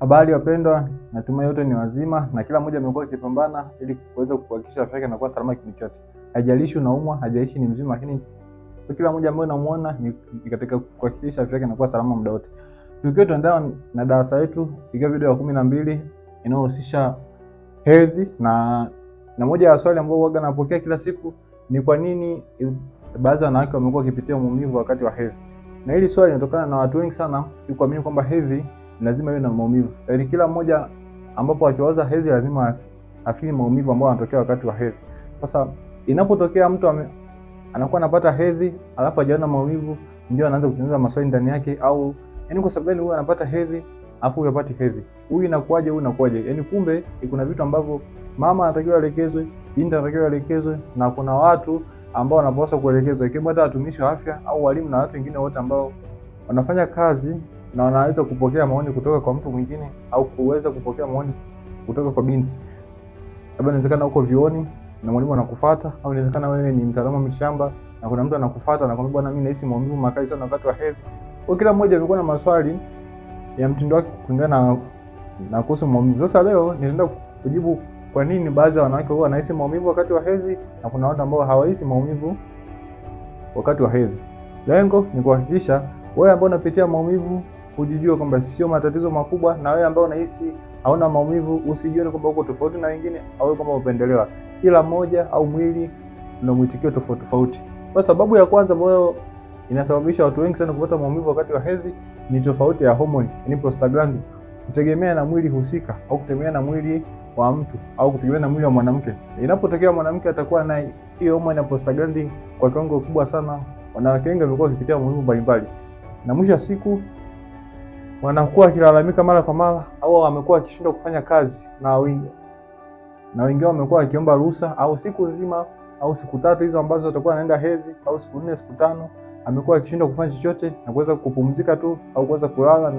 Habari wapendwa, natumai yote ni wazima na kila mmoja amekuwa akipambana ili kuweza kuhakikisha afya yake inakuwa salama kipindi chote. Haijalishi unaumwa, haijalishi ni mzima, lakini kwa kila mmoja ambaye unamuona ni katika kuhakikisha afya yake inakuwa salama muda wote. Tukiwa tunaendelea na darasa letu ikiwa video ya kumi na mbili inayohusisha hedhi na na moja ya swali ambayo huaga napokea kila siku ni kwa nini baadhi ya wanawake wamekuwa wakipitia maumivu wakati wa hedhi. Na hili swali linatokana na watu wengi sana kuamini kwamba hedhi lazima iwe na maumivu. Yaani kila mmoja ambapo akiwaza hedhi lazima afili maumivu ambayo yanatokea wakati wa hedhi. Sasa inapotokea mtu ame, anakuwa anapata hedhi alafu hajaona maumivu, ndio anaanza kutengeneza maswali ndani yake, au yaani kwa sababu huyu anapata hedhi afu huyu hapati hedhi, huyu inakuwaje, huyu inakuwaje? Yaani kumbe kuna vitu ambavyo mama anatakiwa aelekezwe, binti anatakiwa aelekezwe, na kuna watu ambao wanapaswa kuelekezwa, ikiwemo hata watumishi wa afya au walimu na watu wengine wote ambao wanafanya kazi na wanaweza kupokea maoni kutoka kwa mtu mwingine au kuweza kupokea maoni kutoka kwa binti. Labda inawezekana uko vioni na mwalimu anakufuata, au inawezekana wewe ni mtaalamu wa mitishamba na kuna mtu anakufuata anakwambia, bwana, mimi nahisi maumivu makali sana wakati wa hedhi. Kwa kila mmoja amekuwa na maswali ya mtindo wake kulingana na na kuhusu maumivu. Sasa leo nitaenda kujibu kwa nini baadhi ya wanawake huwa wanahisi maumivu wakati wa hedhi na kuna watu ambao hawahisi maumivu wakati wa hedhi. Lengo ni kuhakikisha wewe ambao unapitia maumivu kujijua kwamba sio matatizo makubwa, na wewe ambao unahisi hauna maumivu usijione kwamba uko tofauti na wengine au kwamba upendelewa. Kila mmoja au mwili una mwitikio tofauti tofauti. Kwa sababu ya kwanza ambayo inasababisha watu wengi sana kupata maumivu wakati wa hedhi ni tofauti ya homoni, yani prostaglandin, kutegemea na mwili husika au kutegemea na mwili wa mtu au kutegemea na mwili wa mwanamke. Inapotokea mwanamke atakuwa na hiyo homoni ya prostaglandin kwa kiwango kikubwa sana, wanawake wengi wamekuwa wakipitia maumivu mbalimbali, na mwisho wa siku wanakuwa wakilalamika mara kwa mara, au wamekuwa wakishindwa kufanya kazi na wingi na wengine wamekuwa wakiomba ruhusa au siku nzima au siku tatu hizo ambazo watakuwa wanaenda hedhi au siku nne siku tano, amekuwa akishindwa kufanya chochote na kuweza kupumzika tu au kuweza kulala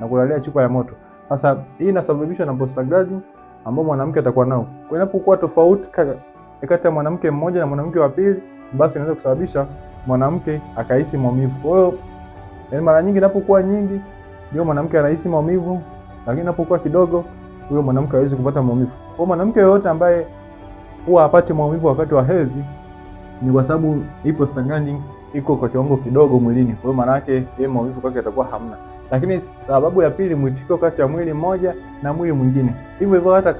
na kulalia chupa ya moto. Sasa hii inasababishwa na prostaglandin ambao mwanamke atakuwa nao. Kwa inapokuwa tofauti kati ya mwanamke mmoja na mwanamke wa pili, basi inaweza kusababisha mwanamke akahisi maumivu. Kwa hiyo mara nyingi inapokuwa nyingi ndio mwanamke anahisi maumivu, lakini inapokuwa kidogo, huyo mwanamke hawezi kupata maumivu. Kwa mwanamke yoyote ambaye huwa apate maumivu wakati wa hedhi ni kwa sababu ipo hypostanding iko kwa kiwango kidogo mwilini. Kwa hiyo maana yake yeye maumivu kwake yatakuwa hamna. Lakini sababu ya pili, mwitikio kati ya mwili mmoja na mwili mwingine. Hivyo hivyo hata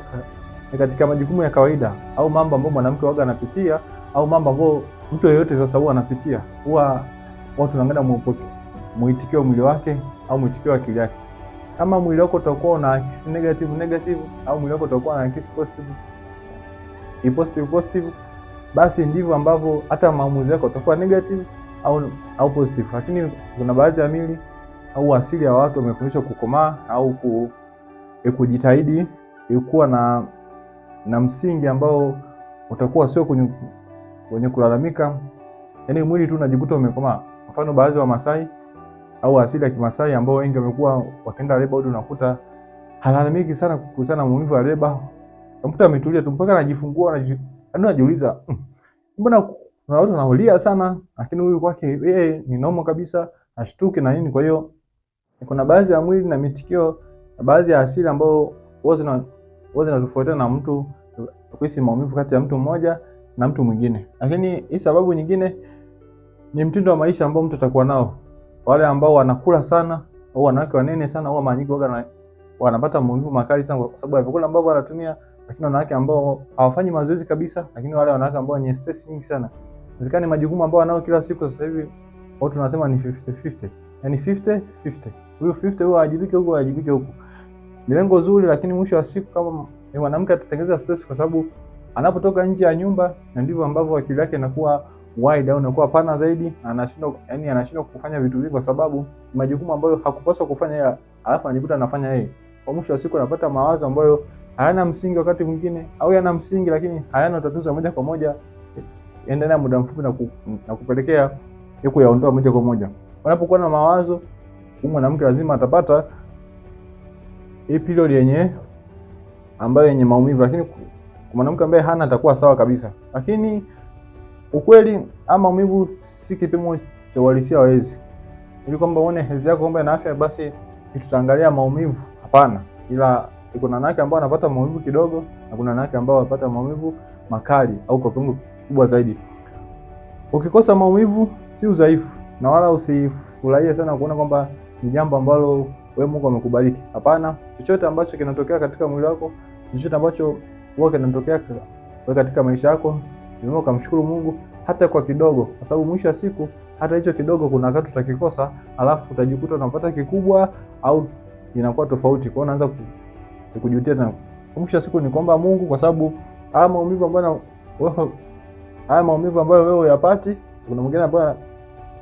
katika majukumu ya kawaida au mambo ambayo mwanamke waga anapitia au mambo ambayo mtu yeyote sasa huwa anapitia, huwa watu wanaangalia mwitikio mwili wake au mwitikio wa akili yake. Kama mwili wako utakuwa unaakisi negative negative, au mwili wako utakuwa unaakisi positive ni positive positive, basi ndivyo ambavyo hata maamuzi yako utakuwa negative au au positive. Lakini kuna baadhi ya mili au asili ya watu wamefundishwa kukomaa au ku, e, kujitahidi ikuwa eh, na na msingi ambao utakuwa sio kwenye kwenye kulalamika, yaani mwili tu unajikuta umekomaa. Mfano baadhi wa Masai au asili ya Kimasai ambao wengi wamekuwa wakenda leba, bado unakuta halalamiki sana kuhusiana na maumivu ya leba. Mtu ametulia tu mpaka anajifungua, yaani anajiuliza hmm, mbona kuna watu wanaulia sana, lakini huyu kwake yeye ni noma kabisa, ashtuke na nini. Kwa hiyo kuna baadhi ya mwili na mitikio, baadhi ya asili ambao wote na wote zinatofautiana na mtu kuhisi maumivu kati ya mtu mmoja na mtu mwingine. Lakini hii sababu nyingine ni mtindo wa maisha ambao mtu atakuwa nao wale ambao wanakula sana au wanawake wanene sana au mara nyingi waga wanapata maumivu makali sana kwa sababu ya vyakula ambavyo wanatumia. Lakini wanawake ambao hawafanyi mazoezi kabisa, lakini wale wanawake ambao wenye stress nyingi sana, inawezekana majukumu ambao wanao kila siku. Sasa hivi watu tunasema ni 50 50, yani 50 50, huyo 50 huyo ajibike huko, ajibike huko. Ni lengo zuri, lakini mwisho wa siku kama mwanamke atatengeneza stress, kwa sababu anapotoka nje ya nyumba na ndivyo ambavyo akili yake inakuwa wide au inakuwa pana zaidi, na anashindwa yani, anashindwa kufanya vitu vingi kwa sababu majukumu ambayo hakupaswa kufanya yeye, alafu anajikuta anafanya yeye. Kwa mwisho wa siku anapata mawazo ambayo hayana msingi wakati mwingine, au yana msingi lakini hayana utatuzi moja kwa moja endana ya muda mfupi na, ku, na kupelekea ya kuyaondoa moja kwa moja. Unapokuwa na mawazo, huyu mwanamke lazima atapata hii period yenye ambayo yenye maumivu, lakini kwa mwanamke ambaye hana atakuwa sawa kabisa, lakini Ukweli ama maumivu si kipimo cha uhalisia wa hedhi, ili kwamba uone hezi yako kwamba ina afya, basi tutaangalia maumivu. Hapana, ila kuna wanawake ambao wanapata maumivu kidogo na kuna wanawake ambao wanapata maumivu makali au kwa kiwango kikubwa zaidi. Ukikosa maumivu si udhaifu, na wala usifurahie sana kuona kwamba ni jambo ambalo wewe Mungu amekubariki. Hapana, chochote ambacho kinatokea katika mwili wako, chochote ambacho huwa kinatokea katika maisha yako lazima ukamshukuru Mungu hata kwa kidogo, kwa sababu mwisho wa siku hata hicho kidogo kuna wakati utakikosa, alafu utajikuta unapata kikubwa au inakuwa tofauti. Kwa hiyo unaanza kujutia tena. Mwisho wa siku ni kwamba Mungu, kwa sababu haya maumivu ambayo wewe haya maumivu ambayo wewe uyapati, kuna mwingine ambaye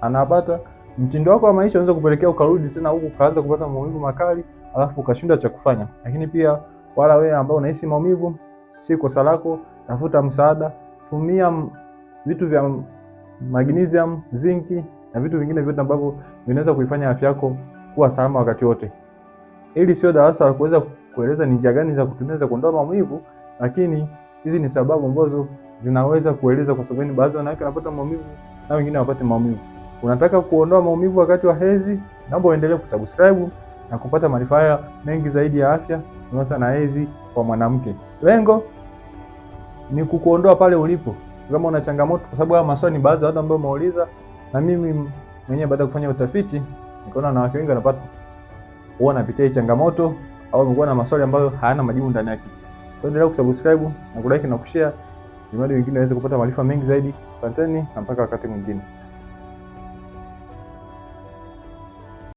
anapata. Mtindo wako wa maisha unaweza kupelekea ukarudi tena huku ukaanza kupata maumivu makali, alafu ukashindwa cha kufanya. Lakini pia wala wewe ambao unahisi maumivu, si kosa lako, tafuta msaada tumia vitu vya magnesium, zinc na vitu vingine vyote ambavyo vinaweza kuifanya afya yako kuwa salama wakati wote. Hili sio darasa la kuweza kueleza ni njia gani za kutumia za kuondoa maumivu, lakini hizi ni sababu ambazo zinaweza kueleza kwa sababu baadhi ya wanawake wanapata maumivu na wengine wapate maumivu. Unataka kuondoa maumivu wakati wa hedhi? Naomba uendelee kusubscribe na kupata maarifa mengi zaidi ya afya, hasa na hedhi kwa mwanamke. Lengo ni kukuondoa pale ulipo, kama una changamoto, kwa sababu haya maswali ni baadhi ya watu ambao wameuliza, na mimi mwenyewe baada ya kufanya utafiti nikaona wanawake wengi wanapata huwa wanapitia hii changamoto au wamekuwa na maswali ambayo hayana majibu ndani yake. Kwa endelea kusubscribe na kulike na kushare, ili wengine waweze kupata maarifa mengi zaidi. Asanteni na mpaka wakati mwingine.